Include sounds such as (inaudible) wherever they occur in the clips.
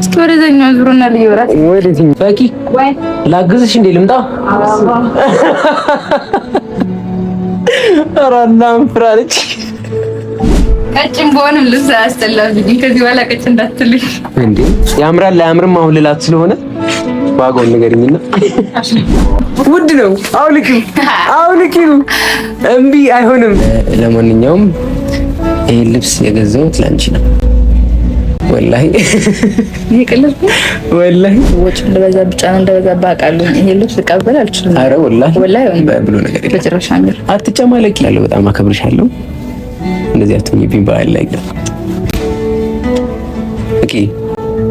እስኪ ወደዛኛው ዙሩና ልዩ ራት በቂ ላግዝሽ እንዴ ልምጣ አራና (laughs) ምፍራልች ቀጭን በሆንም ልብስ አያስጠላብኝ። ከዚህ በኋላ ቀጭን እንዳትልኝ እንዴ። ያምራል አያምርም አሁን ልላት ስለሆነ ዋጋውን ንገሪኝና (laughs) ውድ ነው። አውልቂው አውልቂው። እምቢ አይሆንም። ለማንኛውም ይሄን ልብስ የገዛሁት ላንቺ ነው። ወላሂ ይቅልል ወላሂ ወጭ እንደበዛ ብቻ ነው እንደበዛ ባውቃለሁ። ይሄ ልብስ ልቀበል አልችልም። አረ ወላሂ ወላሂ ብሎ ነገር በጭራሽ አምር አትጨማለቂ ያለው በጣም አከብርሻለሁ። እንደዚህ አትሁኝብኝ በዓል ላይ ግን ኦኬ።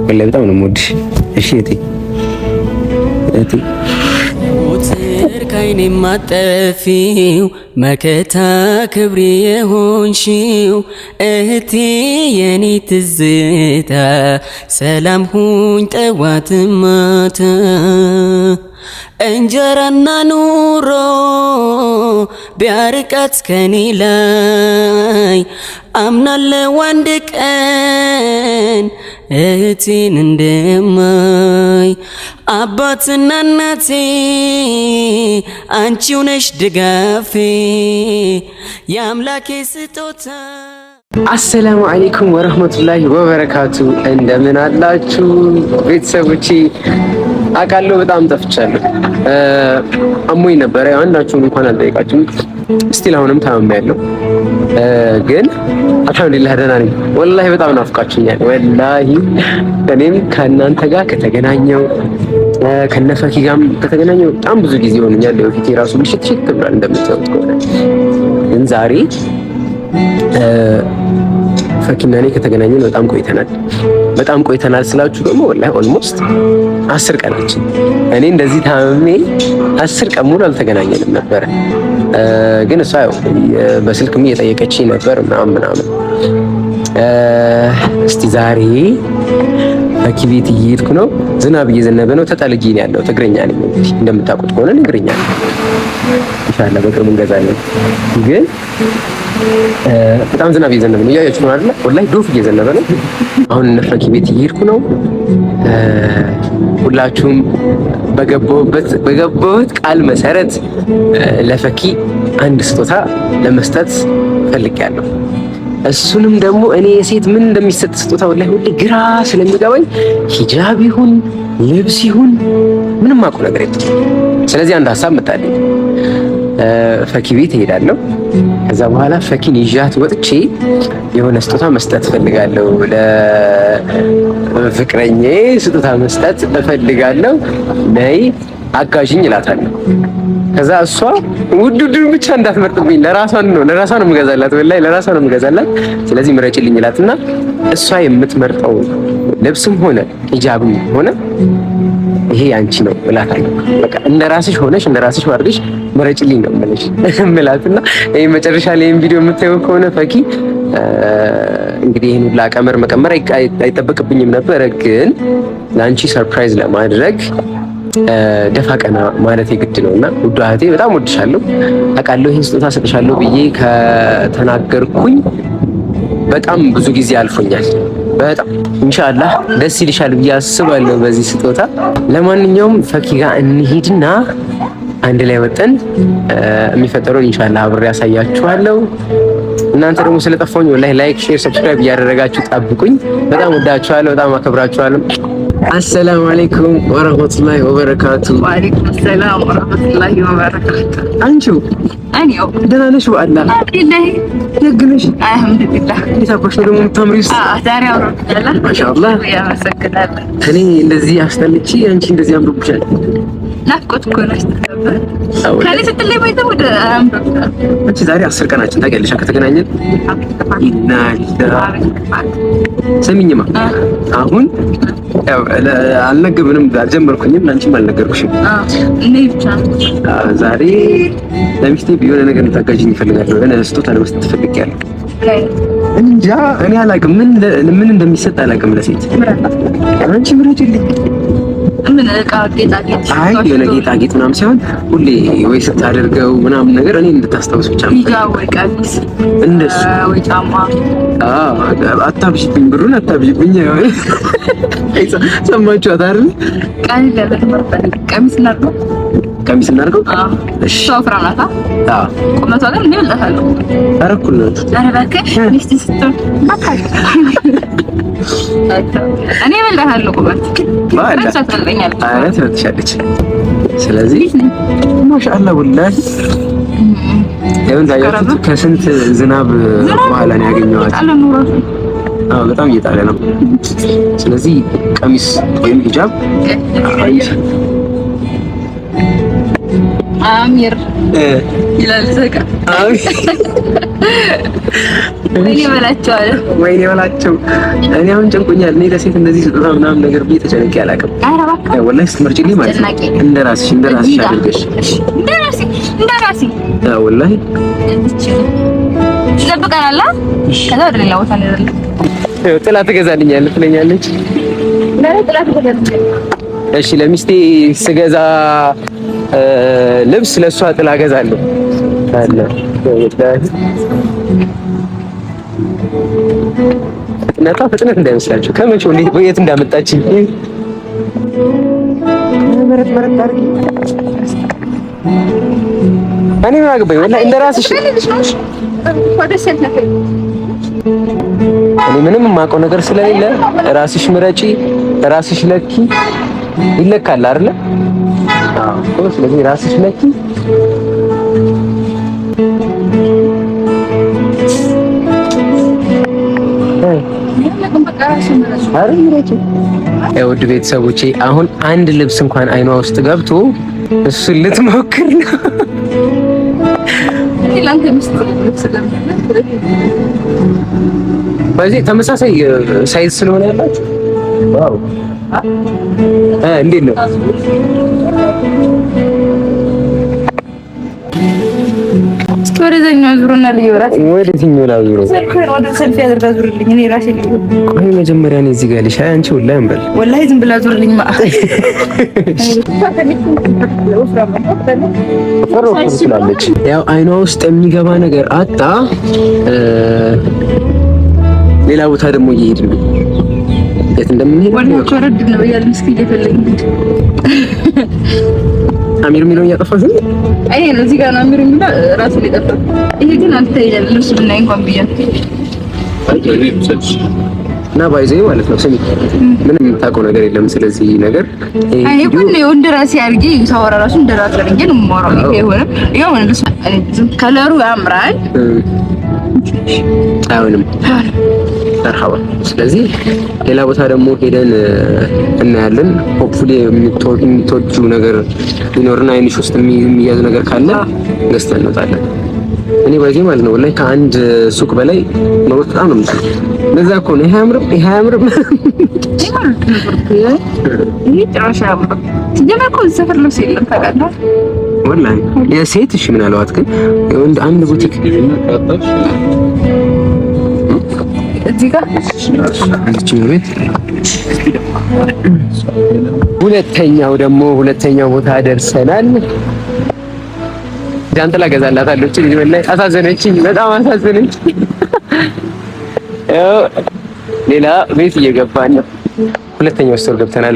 ወላሂ በጣም ነው የምወድሽ። እሺ እቴ እቴ ፍቅር ከይኔ ማጠፊው መከታ ክብሬ የሆንሽው እህቴ የኔ ትዝታ ሰላም ሁኝ ጠዋት ማታ እንጀራና ኑሮ ቢያርቃት ከኔ ላይ አምናለ አንድ ቀን እህቴን እንደማይ አባትና እናቴ አንቺው ነሽ ድጋፌ የአምላኬ ስጦታ። አሰላሙ አሌይኩም ወረህመቱላሂ ወበረካቱ። እንደምን አላችሁ ቤተሰቦቼ? አውቃለሁ። በጣም ጠፍቻለሁ። አሞኝ ነበረ። አንዳችሁን እንኳን አልጠይቃችሁም። እስቲል አሁንም ታምሜያለሁ፣ ግን አልሐምዱሊላህ ደህና ነኝ። ወላሂ በጣም ናፍቃችሁኛል። ወላሂ እኔም ከእናንተ ጋር ከተገናኘው ከነፈኪ ጋርም ከተገናኘው በጣም ብዙ ጊዜ ሆኖኛል። ፊቴ ራሱ ብልሽት ሽት ብሏል እንደምታውቁት፣ ግን ዛሬ ፈኪና እኔ ከተገናኘን በጣም ቆይተናል። በጣም ቆይተናል ስላችሁ ደግሞ ወላሂ ኦልሞስት አስር ቀናችን እኔ እንደዚህ ታምሜ አስር ቀን ሙሉ አልተገናኘንም ነበረ። ግን እሷ ያው በስልክም እየጠየቀች ነበር ምናምን ምናምን። እስቲ ዛሬ ፈኪ ቤት እየሄድኩ ነው፣ ዝናብ እየዘነበ ነው፣ ተጠልጌ ነው ያለው። ትግረኛ ነኝ እንደምታውቁት ከሆነ ትግረኛ ነኝ ትሻለ በቅርቡ እንገዛለን። ግን በጣም ዝናብ እየዘነበ ነው፣ እያያችሁ ነው አይደለ? ወላሂ ዶፍ እየዘነበ ነው። አሁን እነ ቤት እየሄድኩ ነው። ሁላችሁም በገባሁት ቃል መሰረት ለፈኪ አንድ ስጦታ ለመስጠት ፈልጌያለሁ። እሱንም ደግሞ እኔ የሴት ምን እንደሚሰጥ ስጦታ ወላሂ ሁሌ ግራ ስለሚገባኝ ሂጃብ ይሁን ልብስ ይሁን ምንም አውቀው ነገር የለም። ስለዚህ አንድ ሀሳብ መጣልኝ። ፈኪ ቤት እሄዳለሁ። ከዛ በኋላ ፈኪን ይዣት ወጥቼ የሆነ ስጦታ መስጠት እፈልጋለሁ። ለፍቅረኛዬ ስጦታ መስጠት እፈልጋለሁ፣ ነይ አጋዥኝ እላታለሁ። ከዛ እሷ ውድድሩን ብቻ እንዳትመርጥብኝ ለራሷን ነው ለራሷ ነው የምገዛላት፣ ወላሂ ለራሷ ነው የምገዛላት። ስለዚህ ምረጭልኝ እላትና እሷ የምትመርጠው ልብስም ሆነ ሂጃብም ሆነ ይሄ አንቺ ነው እላታለሁ። በቃ እንደራስሽ ሆነሽ እንደራስሽ ራስሽ ምረጭልኝ ነው የምልሽ (laughs) የምላት እና ይህ መጨረሻ ላይ ቪዲዮ የምታየው ከሆነ ፈኪ እንግዲህ ይህን ሁላ ቀመር መቀመር አይጠበቅብኝም ነበረ፣ ግን ለአንቺ ሰርፕራይዝ ለማድረግ ደፋ ቀና ማለት የግድ ነው እና ውድ እህቴ በጣም ወድሻለሁ፣ አውቃለሁ። ይህን ስጦታ ሰጥሻለሁ ብዬ ከተናገርኩኝ በጣም ብዙ ጊዜ አልፎኛል። በጣም ኢንሻአላህ ደስ ይልሻል ብዬ አስባለሁ በዚህ ስጦታ። ለማንኛውም ፈኪ ጋር እንሂድና አንድ ላይ ወጠን የሚፈጠረውን ኢንሻአላህ አብሬ ያሳያችኋለሁ። እናንተ ደግሞ ስለጠፋሁኝ ወላሂ ላይክ፣ ሼር፣ ሰብስክራይብ እያደረጋችሁ ጠብቁኝ። በጣም ወዳችኋለሁ፣ በጣም አከብራችኋለሁ። አሰላሙ አለይኩም ወረህመቱላሂ ወበረካቱ። ወአለይኩም ሰላም ወረህመቱላሂ ወበረካቱ። አንቺው ደህና ነሽ? በአላህ ደግ ነሽ። አልሐምዱሊላህ። እንዴት አባሽ ነው ደግሞ የምታምሪው? ዛሬ ማሻአላህ። እኔ እንደዚህ አስጠልቼ አንቺ እንደዚህ አምሮብሻል። ናፍቆት እኮ ነው ያስተካከለ ስትለይ ባይታ ወደ አንቺ ዛሬ አስር ቀናችን ታውቂያለሽ። ከተገናኘን ሰሚኝማ አሁን አልነገር ምንም አልጀመርኩኝም፣ አንቺም አልነገርኩሽም። ዛሬ ለሚስቴ የሆነ ነገር እንድታጋዥኝ እፈልጋለሁ። የሆነ ስጦታ ለመስጠት ትፈልጊያለሁ። እንጃ እኔ አላውቅም፣ ምን እንደሚሰጥ አላውቅም። ለሴት አንቺ ምረጪልኝ ምን አይ የሆነ ጌጣጌጥ ምናምን ሲሆን ሁሌ ወይ ስታደርገው ምናምን ነገር እኔ እንድታስታውስ ብቻ እንደሱ አታብዥብኝ፣ ብሩን አታብዥብኝ። ሰማችኋት አይደል? ቀሚስ እናድርገው ቀሚስ እናድርገው። እሺ ወፍራም ናት። ቁመቷ ግን እኔ እበልጣታለሁ። ኧረ እኩል ናት። ኧረ እባክህ ሚስት ስትሆን እኔ እበልሃለሁ። ትበልጥሻለች። ስለዚህ ማሻአላ ወላሂ ለምን ታያችሁት? ከስንት ዝናብ በኋላ ነው ያገኘኋት። አዎ በጣም እየጣለ ነው። ስለዚህ ቀሚስ ወይም ሂጃብ አይሽ አሚር ይላል ዘጋ ወይኔ በላቸው አለ። ወይኔ በላቸው። እኔ አሁን ጨንቆኛል። እኔ ለሴት እንደዚህ ስጦታ ምናምን ነገር ብዬ ተጨንቄ አላውቅም። ወላሂ ስትመርጭልኝ ማለት ነው እንደ ራስሽ እንደ ራስሽ አድርገሽ እንደ ራሴ እንደ ራሴ ወላሂ ትጠብቀናላ። ከዛ ወደ ሌላ ቦታ እንሄዳለን። ጥላ ትገዛልኛለች ትለኛለች። እሺ ለሚስቴ ስገዛ ልብስ ለእሷ ጥላ ገዛለሁ። ፍጥነቷ ፍጥነት እንዳይመስላችሁ። ከመቼው እንዴት ወየት እንዳመጣች መረጥ መረጥ አድርጊ። እኔ ምን አገባኝ? ወላሂ እንደራስሽ እኔ ምንም የማውቀው ነገር ስለሌለ ራስሽ ምረጪ፣ ራስሽ ለኪ። ይለካል አይደለ? ስለዚህ ራስሽ ለኪ ውድ ቤተሰቦቼ አሁን አንድ ልብስ እንኳን አይኗ ውስጥ ገብቶ እሱን ልትሞክር ነው። በዚህ ተመሳሳይ ሳይዝ ስለሆነ ያላችሁ እንዴት ነው? ወደዚህኛው ላይ ዙሩ። ወደ ዙርልኝ። እኔ ራሴ ዝም ብላ ዙርልኝ። (laughs) ያው አይኗ ውስጥ የሚገባ ነገር አጣ። ሌላ ቦታ ደግሞ እየሄድን የት እንደምንሄድ ወላችሁ አሚር የሚለውን እያጠፋሽ አይ እዚህ ጋር ነው አሚር ራሱ ሊጠፋ ይሄ ግን አንተ ይላል ልብስ ማለት ነው። ስሚ ምንም የምታውቀው ነገር የለም ስለዚህ ነገር ራሱ ነው ይሄ ሆነ ከለሩ ያምራል አይሆንም መርሃባ። ስለዚህ ሌላ ቦታ ደግሞ ሄደን እናያለን። ሆፕፉሊ የምትወጁ ነገር ቢኖርና አይንሽ ውስጥ የሚያዝ ነገር ካለ ገዝተን እንወጣለን። እኔ ባይዜ ማለት ነው ላይ ከአንድ ሱቅ በላይ መውጣት በጣም ነው የምችለው። ለዛ እኮ ነው ይሄ አያምርም፣ ይሄ አያምርም። የሴት እሺ፣ ምን አለዋት ግን አንድ ቡቲክ እዚህ ጋር ሁለተኛው ደግሞ ሁለተኛው ቦታ ደርሰናል። ጃንጥላ ገዛላታለሁ። እቺ ላይ አሳዘነችኝ፣ በጣም አሳዘነችኝ። ሌላ ቤት እየገባን ነው። ሁለተኛው ስቶር ገብተናል።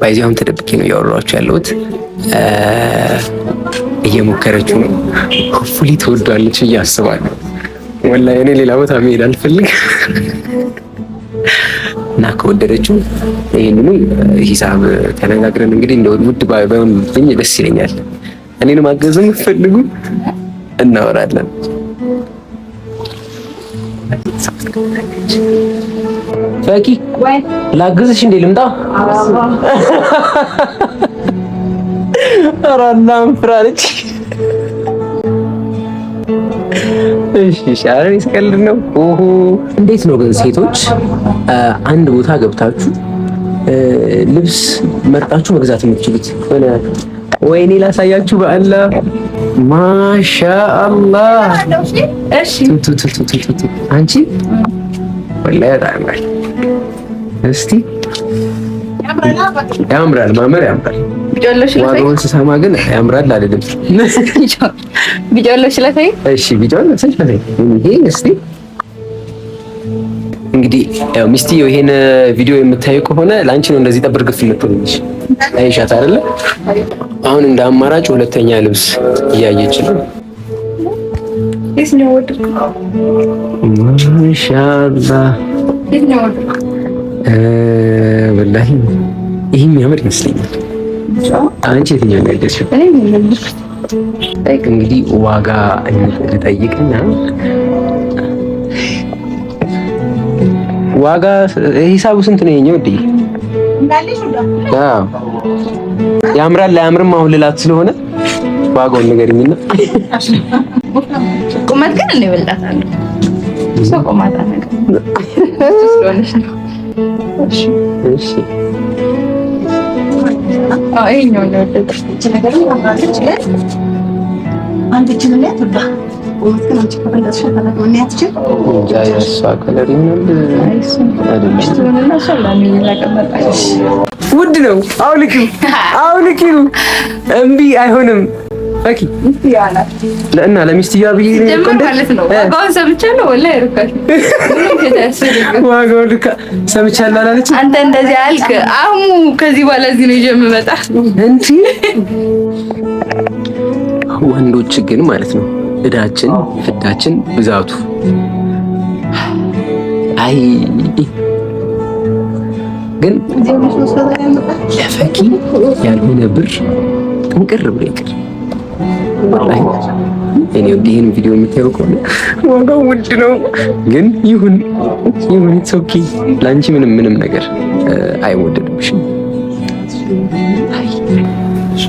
ባይዚያውን ተደብቄ ነው እያወራኋቸው ያለሁት። እየሞከረችው ነው። ሆፉሊ ትወዷለች እያስባለሁ። ወላሂ እኔ ሌላ ቦታ መሄድ አልፈልግ እና ከወደደችው ይህንኑ ሂሳብ ተነጋግረን እንግዲህ እንደ ውድ ባይሆንብኝ ደስ ይለኛል። እኔንም አገዝም ፈልጉ እናወራለን። ፈኪ ላግዝሽ እንዴ? ልምጣ? ኧረ እናንፍራለች። እሺ ነው። እንዴት ነው ግን ሴቶች አንድ ቦታ ገብታችሁ ልብስ መርጣችሁ መግዛት የምትችሉት? ወይኔ ላሳያችሁ በአላ ማሻአላህ አንቺ ወላሂ እስቲ ያምራል፣ ማመር ያምራል። ዋጋውን ስሰማ ግን ያምራል አይደለም። ቢጫ ለብሽ ለታይ። እሺ ቢጫ ለብሽ ለታይ። ይሄ እስቲ እንግዲህ ሚስትየው ይሄን ቪዲዮ የምታየው ከሆነ ለአንቺ ነው እንደዚህ ጠብር ግፍ ልትሆንልሽ አይሻት አይደለ? አሁን እንደ አማራጭ ሁለተኛ ልብስ እያየች ነው። ማሻላ ይህ የሚያምር ይመስለኛል። አንቺ የትኛው እንግዲህ ዋጋ ልጠይቅና ዋጋ ሂሳቡ ስንት ነው የኛው? ዲ ያምራል አያምርም? አሁን ልላት ስለሆነ ዋጋውን ንገሪኝና ቁመት ግን እኔ እበልጣታለሁ። ውድ ነው። አውልቂው አውልቂው፣ እምቢ አይሆንም። ኦኬ እና ለሚስትያ ብዬ ሰምቻለሁ። ወላሂ (laughs) አንተ እንደዚህ አልክ። አሁን ከዚህ በኋላ እዚህ ነው ይዤ የምመጣ ወንዶች ግን ማለት ነው እዳችን ፍዳችን ብዛቱ አይ ግን ለፈኪ ያልሆነ ብር ጥንቅር ብሎ ይቅር። እኔ ይህን ቪዲዮ የምታየው ከሆነ ዋጋው ውድ ነው፣ ግን ይሁን ይሁን። ኢትስ ኦኬ። ለአንቺ ምንም ምንም ነገር አይወደድብሽም። አይ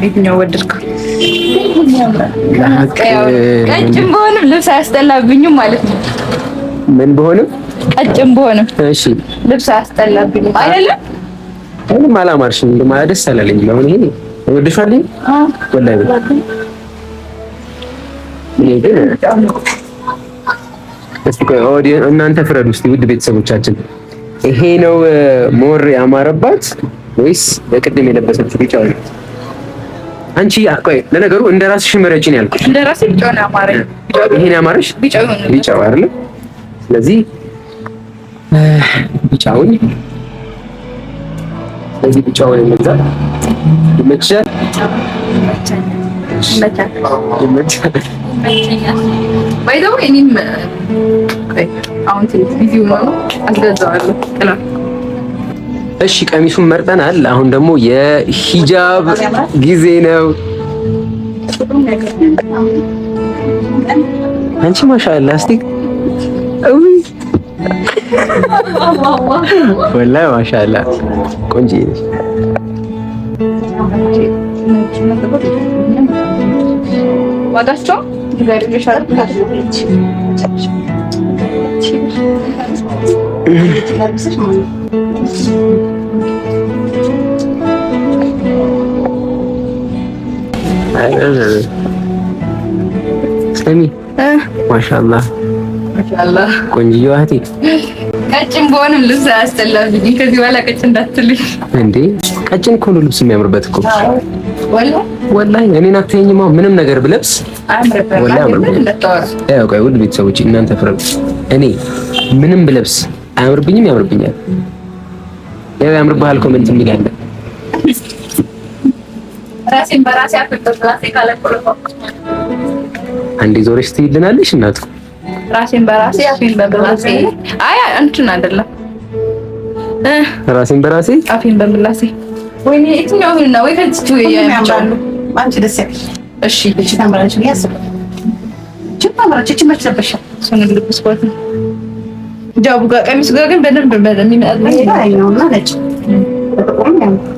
የትኛው ወደድከው? ቀጭን በሆንም ልብስ አያስጠላብኝም ማለት ነው። ምን በሆንም ቀጭን በሆንም እሺ፣ ልብስ አያስጠላብኝም አይደለም። ምንም አላማርሽም፣ ደስ አላለኝም። አሁን ይሄ እወድሻለሁ። ወላሂ እስቲ ቆይ እናንተ ፍረዱ። እስቲ ውድ ቤተሰቦቻችን ይሄ ነው ሞር ያማረባት ወይስ በቅድም የለበሰችው ቢጫ ነው? አንቺ ቆይ፣ ለነገሩ እንደ ራስሽ ምረጪ ነው ያልኩሽ። እንደ ራስሽ ቢጫ ነው ያማረኝ። ይሄን ያማረሽ ቢጫ ነው ቢጫ አይደል? ስለዚህ ቢጫውን ስለዚህ ቢጫውን እንግዛት። ይመችሻል። ባይ ዘ ወይ እኔም አሁን ትንሽ ቢዚ ሆኖ አስገዛዋለሁ። እሺ ቀሚሱን መርጠናል። አሁን ደግሞ የሂጃብ ጊዜ ነው። አንቺ ማሻአላ እስቲ እውይ ወላሂ ማሻአላ ቆንጆ ነሽ። ዋጋቸው ስሚ ማሻላ ማሻአላህ ቆንጆ እህቴ ቀጭን በሆንም ልብስ አያስጠላብኝ። ከዚህ በኋላ ቀጭን እንዳትልኝ እንዴ! ቀጭን እኮ ነው ልብስ የሚያምርበት እኮ ወላሂ። እኔን አትይኝማ ምንም ነገር ብለብስ ውድ ቤተሰቦች እናንተ ፍረ እኔ ምንም ብለብስ አያምርብኝም፣ ያምርብኛል። ያው ያምርብሃል ኮመንት የሚል አለ ራሴን በራሴ አፈጠጥ ራሴ ካለቆለቆ አንዴ ዞረሽ ትይልናለሽ እናቱ ራሴን በራሴ አፌን በምላሴ አይ እንትን አይደለም ራሴን በራሴ አፌን በምላሴ ወይኔ እትኛው ነው ወይ ከዚህ ትዩ ያያቻሉ አንቺ ደስ ያለሽ እሺ እቺ ታምራለች ነው ያስብ እቺ ታምራለች እቺ መች ተበሻ ሰነ ግልብስ ቆት ነው ጃቡ ጋር ቀሚሱ ጋር ግን በደንብ በደንብ ይመጣል ነው ነጭ በጥቁርም ያምራል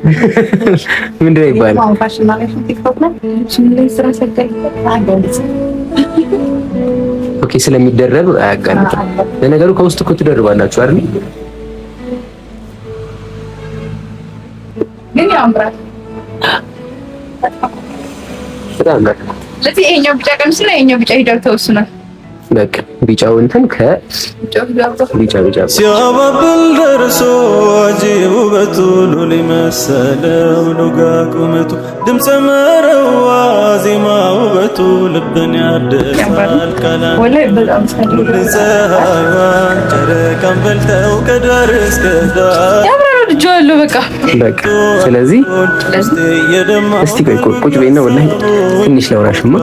(laughs) ምንድን ነው ይባላል? ኦኬ ስለሚደረግ አያጋልጥም። ለነገሩ ከውስጥ እኮ ትደርባላችሁ አይደል? ግን ያምራል። ለዚህ ይሄኛው ብቻ ቀሚስ እና ይሄኛው ብቻ ሂዳር ተወስኗል። በቃ ቢጫው እንትን ከ ቢጫ ሲያባብል ደርሶ አጂብ ውበቱ ሉል መሰለው ሉጋ ቁመቱ ድምፀ መረዋ ዜማ ውበቱ ልብን ያድሳል ቃላሉል ፀሐይዋን ጨረቃን በልተው ከዳር እስከ ዳር በቃ በቃ። ስለዚህ እስቲ ቆይ ቁጭ ቤት ነው ወላሂ ትንሽ ለውራሽማ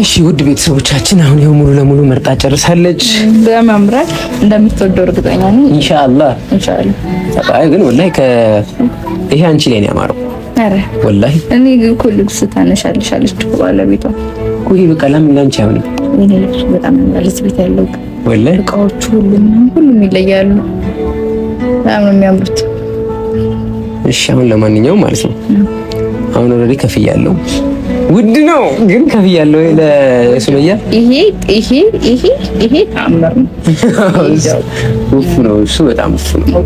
እሺ ውድ ቤተሰቦቻችን አሁን ይኸው ሙሉ ለሙሉ መርጣ ጨርሳለች። በመምረጥ እንደምትወደው እርግጠኛ ነኝ። ኢንሻአላህ ኢንሻአላህ። አይ ግን ወላሂ ከ ይሄ አንቺ ላይ ነው ያማረው። አረ ወላሂ እኔ ግን እኮ ልብስ ታነሻልሻለች እኮ ባለቤቷ ይሄ በቃ ለምን ላንቺ አይሆንም? እኔ ልብሱ በጣም ያምራልስ ቤት ያለው ወላሂ እቃዎቹ ሁሉም ሁሉም ይለያሉ። በጣም ነው የሚያምሩት። እሺ አሁን ለማንኛውም ማለት ነው አሁን ኦልሬዲ ከፍያለሁ። ውድ ነው ግን ከፍያለሁ ለሱመያ። ይሄ ይሄ ይሄ ይሄ ታምር (laughs) ነው። እሱ በጣም ውፍ ነው።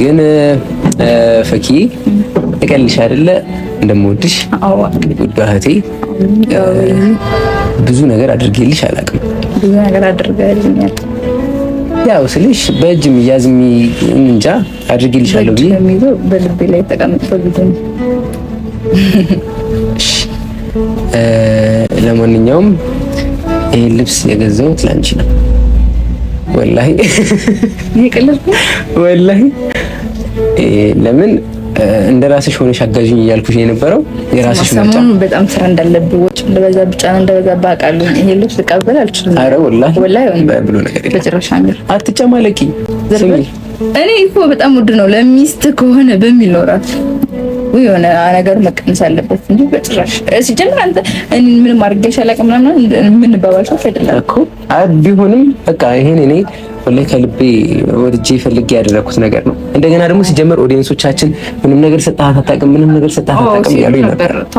ግን ፈኪ እቀልሽ አይደለ እንደምወድሽ ውድ እህቴ ብዙ ነገር አድርጌልሽ አላውቅም። ብዙ ነገር አድርጌልኛል ያው ስልሽ በእጅ የሚያዝ እንጃ አድርጌልሻለሁ ብዬ በልቤ ላይ ተቀምጦ ለማንኛውም ይህ ልብስ የገዛሁት ላንቺ ነው። ወላሂ ወላሂ ለምን እንደ ራስሽ ሆነሽ አጋዥኝ እያልኩሽ የነበረው የራስሽ ምርጫ። በጣም ስራ እንዳለብህ ወጪ እንደበዛ ብቻ እንደበዛብህ ባቃሉ ይሄ ልብስ ልቀበል አልችልም። ኧረ ወላሂ ወላሂ ብሎ ነገር በጭራሽ አሚር አትጨማለቂ። እኔ እኮ በጣም ውድ ነው ለሚስት ከሆነ በሚል ነው ወይ የሆነ ነገር መቀነስ አለበት እንጂ በጭራሽ ሲጀምር አንተ እኔ ምንም አድርጌሽ አላውቅም ምናምን የምንባባል ሰው አይደለም እኮ ቢሆንም በቃ ይሄን እኔ ወላሂ ከልቤ ወድጄ ፈልጌ ያደረኩት ነገር ነው። እንደገና ደግሞ ሲጀመር ኦዲየንሶቻችን ምንም ነገር ሰጣት አታውቅም፣ ምንም ነገር ሰጣት አታውቅም እያሉ ነበር። (laughs)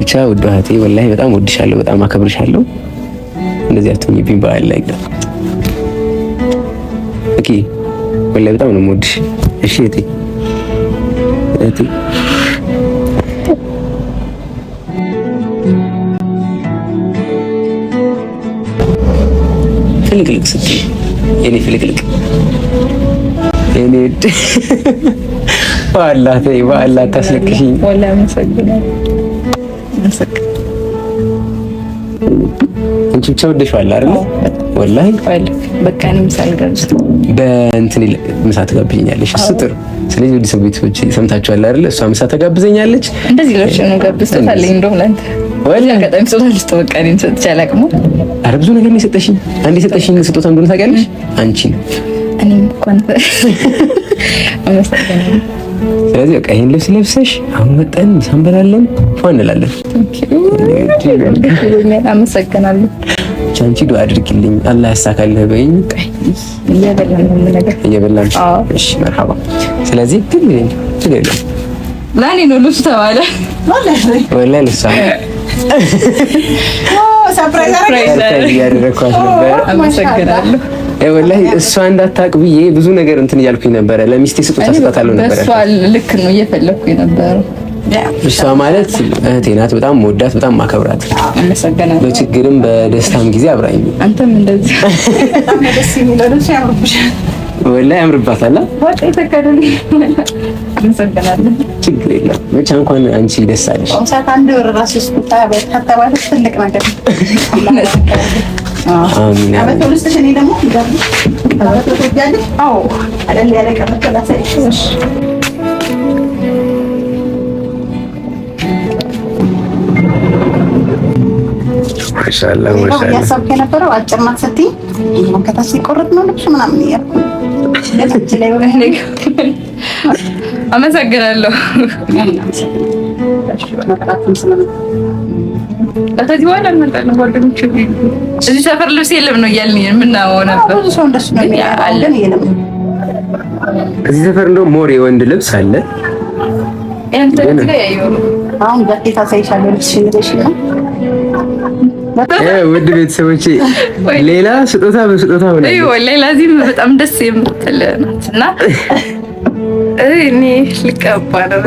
ብቻ ውድ እህቴ ወላሂ በጣም ወድሻለሁ፣ በጣም አከብርሻለሁ። እንደዚህ አትሆኝብኝ በዓል ላይ ግን ወላሂ በጣም ነው የምወድሽ። እሺ እህቴ እህቴ ፍልቅልቅ ስትይ የኔ ፍልቅልቅ የኔ እድ በአላህ ተይ፣ በአላህ ታስለቅሽኝ። አንቺ ብቻ ወደሽዋል አይደል? ወላሂ በቃ እኔም ሳልገልጽ በእንትን ምሳ ተጋብዘኛለች። እሱ ጥሩ። ስለዚህ ወደ ሰው ቤቶች ሰምታችኋል አይደል? እሷ ምሳ ተጋብዘኛለች። እንደዚህ ለሽ ነው ጋብዝታለኝ እንደውም ለአንተ በዚህ አጋጣሚ ስጦታ ልስጥህ። እኔን ሰጥቼ አላቅም። ኧረ ብዙ ነገር ነው የሰጠሽኝ። አንድ የሰጠሽኝ ስጦታ እንደሆነ ታውቂያለሽ አንቺ። እኔም እኮ አንተ ስለዚህ በቃ ይሄን ልብስ ለብሰሽ አሁን መጠን ምሳ እንበላለን፣ ፏ እንላለን። አመሰግናለሁ። አንቺ ዱአ አድርጊልኝ፣ አላህ ያሳካልህ በይኝ። እየበላን እሺ፣ መርሐባ። ስለዚህ ግን ነው ልብሱ ተባለ ወላሂ እያደረግኳት ነበር። አመሰግናለሁ። ወላሂ እሷ እንዳታውቅ ብዬ ብዙ ነገር እንትን እያልኩኝ ነበረ። ለሚስቴ ስጦታ ስጣታለሁ ነበረ። ልክ ነው እየፈለግኩ ነበረ። እሷ ማለት እህቴ ናት። በጣም መወዳት፣ በጣም ማከብራት፣ በችግርም በደስታም ጊዜ አብራኝ። አንተም እንደዚህ (laughs) ወላ ያምርባታል። ችግር የለም ብቻ እንኳን አንቺ ደስ አለሽ። ያሰብክ የነበረው አጭር ናት ስትይ ከታች ሲቆርጥ ነው ልብሱ ምናምን እያልኩ አመሰግናለሁ። ከዚህ በኋላ እንመጣለን። ጓደኞቼ እዚህ ሰፈር ልብስ የለም ነው እያልን የምናወራው ነበር። እዚህ ሰፈር እንደው ሞር የወንድ ልብስ አለ። አሁን ውድ ቤተሰቦቼ ሌላ ስጦታ በስጦታ ሆነ። ሌላ እዚህም በጣም ደስ የምትል ናት እና እኔ ልቀባ ነው።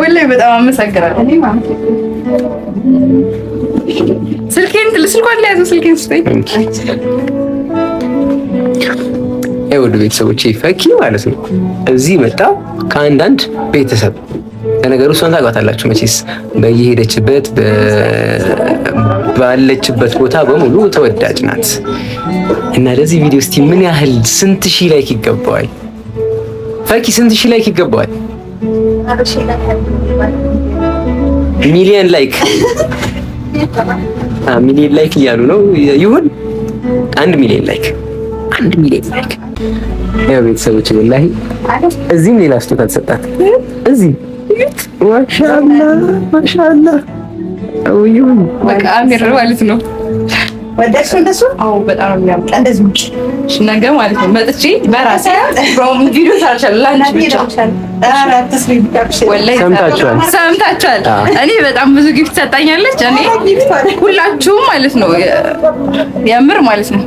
ወላሂ በጣም አመሰግናለሁ። ስልኬን ስልኳን ላይ ያዘው ስልኬን ስጠኝ። ውድ ቤተሰቦቼ ፈኪ ማለት ነው እዚህ መጣ ከአንዳንድ ቤተሰብ ለነገሩ እሷን ታውቃታላችሁ መቼስ በየሄደችበት ባለችበት ቦታ በሙሉ ተወዳጅ ናት እና ለዚህ ቪዲዮ እስቲ ምን ያህል ስንት ሺህ ላይክ ይገባዋል? ፈኪ ስንት ሺህ ላይክ ይገባዋል? ሚሊየን ላይክ ሚሊየን ላይክ እያሉ ነው። ይሁን አንድ ሚሊየን ላይክ አንድ ሚሊየን ላይክ። ያው ቤተሰቦች ወላሂ እዚህም ሌላ ስጦታ ተሰጣት እዚህ ማሻአላ ማሻአላ በቃ አሚር ማለት ነው። በጣም ነገ ማለት ነው መጥቼ በራሴ ቪዲዮ ሰምታችኋል። እኔ በጣም ብዙ ጊፍት ሰጣኛለች። እኔ ሁላችሁም ማለት ነው የምር ማለት ነው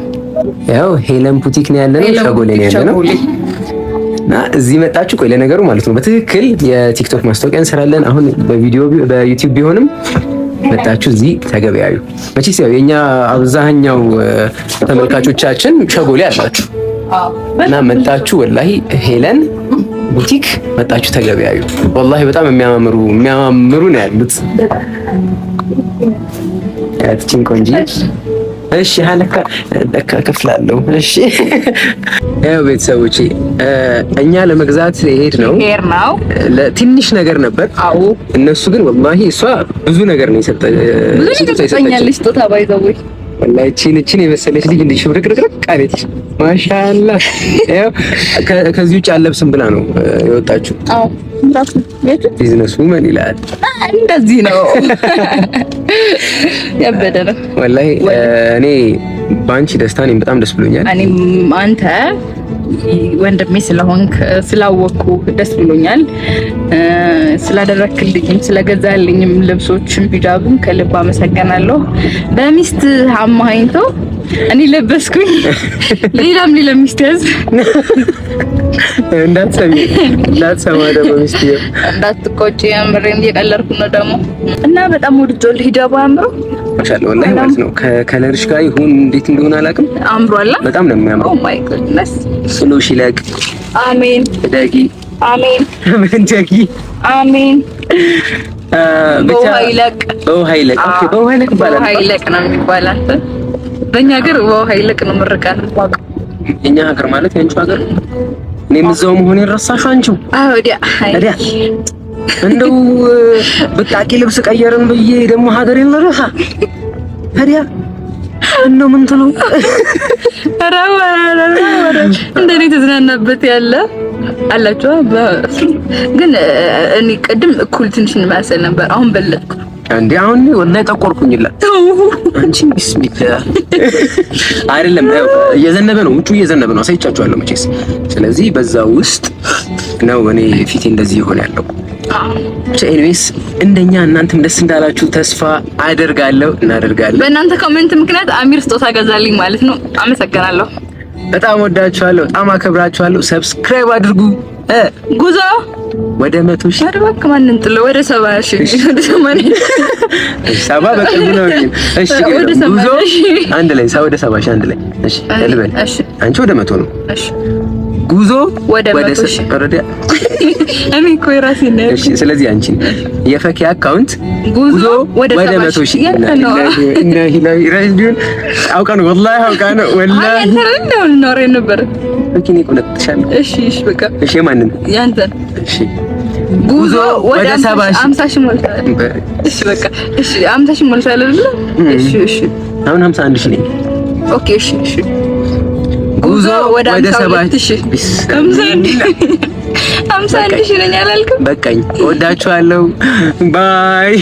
ያው ሄለን ቡቲክ ነው ያለነው ሸጎሌ ነው ያለነው እና እዚህ መጣችሁ። ቆይ ለነገሩ ማለት ነው በትክክል የቲክቶክ ማስታወቂያ እንሰራለን። አሁን በቪዲዮ በዩቲዩብ ቢሆንም መጣችሁ እዚህ ተገበያዩ። መቼስ ያው የኛ አብዛኛው ተመልካቾቻችን ሸጎሌ አላችሁ እና መጣችሁ ወላሂ ሄለን ቡቲክ መጣችሁ ተገበያዩ። ወላሂ በጣም የሚያማምሩ የሚያማምሩ ነው ያሉት ያትችን እሺ ሀለካ ለካ ከፍላለሁ። እሺ ያው ቤተሰቦቼ እኛ ለመግዛት ሄድ ነው ሄድ ነው ለትንሽ ነገር ነበር። አዎ እነሱ ግን ወላሂ እሷ ብዙ ነገር ነው የሰጠ ብዙ ነገር ባይዘው ወላሂ እቺን እቺን የመሰለች ልጅ እንዲህ ሽብርቅርቅርቅ አለች። ማሻአላ ያው ከዚህ ውጭ አለብስም ብላ ነው የወጣችው። አዎ ቢዝነስ ምን ይላል? እንደዚህ ነው (laughs) ያበደረ ነው ወላሂ እኔ በአንቺ ደስታ እኔም በጣም ደስ ብሎኛል። እኔም አንተ ወንድሜ ስለሆንክ ስላወቅኩ ደስ ብሎኛል። ስላደረክልኝም ስለገዛልኝም ልብሶችን ቢጃቡም ከልብ አመሰግናለሁ። በሚስት አማኝቶ እኔ ለበስኩኝ። ሌላም ሌላ ሚስት ያዝ እንዳትሰሚ እንዳትሰማ ደግሞ ሚስት እንዳትቆጪ። የምሬን እየቀለድኩ ነው ደግሞ እና በጣም ወድጆል ሂጃቡ አያምረው ቻለ ወላሂ ማለት ነው። ከከለርሽ ጋር ይሁን እንዴት እንደሆነ አላውቅም። አምሯል። በጣም ነው የሚያምረው። ኦ ማይ ጎድነስ ስሎሽ ይለቅ። አሜን ደጊ አሜን አሜን ደጊ አሜን በውሃ ይለቅ በውሃ ይለቅ በውሃ ይለቅ ይባላል። በውሃ ይለቅ ነው የሚባለው በእኛ ሀገር በውሃ ይለቅ ነው ምርቃን። የእኛ ሀገር ማለት የአንቺው ሀገር እኔም እዛው መሆኔን ረሳሽው አንቺው። አዎ ወዲያ ወዲያ እንደው ብጣቂ ልብስ ቀየርን ብዬ ደግሞ ሀገር ልረሳ ታዲያ እንደው ምን ትሉ እንደኔ ተዝናናበት ያለ አላችሁ። ግን እኔ ቅድም እኩል ትንሽ እንመሳሰል ነበር፣ አሁን በለጥኩ። እንዴ አሁን ወላሂ ጠቆርኩኝላ። አንቺ ቢስሚላ አይደለም፣ እየዘነበ ነው፣ ምቹ እየዘነበ ነው። አሳይቻችኋለሁ መቼስ። ስለዚህ በዛ ውስጥ ነው እኔ ፊቴ እንደዚህ ይሆን ያለው። ኤኒዌይስ እንደኛ እናንተም ደስ እንዳላችሁ ተስፋ አደርጋለሁ እናደርጋለን። በእናንተ ኮሜንት ምክንያት አሚር ስጦታ ገዛልኝ ማለት ነው። አመሰግናለሁ። በጣም ወዳችኋለሁ። በጣም አከብራችኋለሁ። ሰብስክራይብ አድርጉ። ጉዞ ወደ መቶ ሺህ አድባክ ማንን ጥሎ ወደ ሰባ ሺህ ሰባ በቅርቡ ነው። እሺ ጉዞ አንድ ላይ ሰባ ወደ ሰባ ሺህ አንድ ላይ እሺ ልበል። አንቺ ወደ መቶ ነው። እሺ ጉዞ ወደ (laughs) እኔ እኮ የራሴ ነው። እሺ፣ ስለዚህ አንቺ የፈኪ አካውንት ጉዞ ወደ መቶ ሺህ አውቃ ነው፣ አውቃ ነው። ጉዞ ወደ ሰባ ሺህ ሞልቷል። እሺ፣ በቃ እሺ፣ አምሳ ሺህ ሞልቷል አይደል? እሺ፣ እሺ፣ አሁን 51 ሺህ ነኝ። ኦኬ፣ እሺ፣ እሺ ጉዞ ወደ ሰባት ሺህ ነኝ አላልክም? በቃኝ። እወዳችኋለሁ። ባይ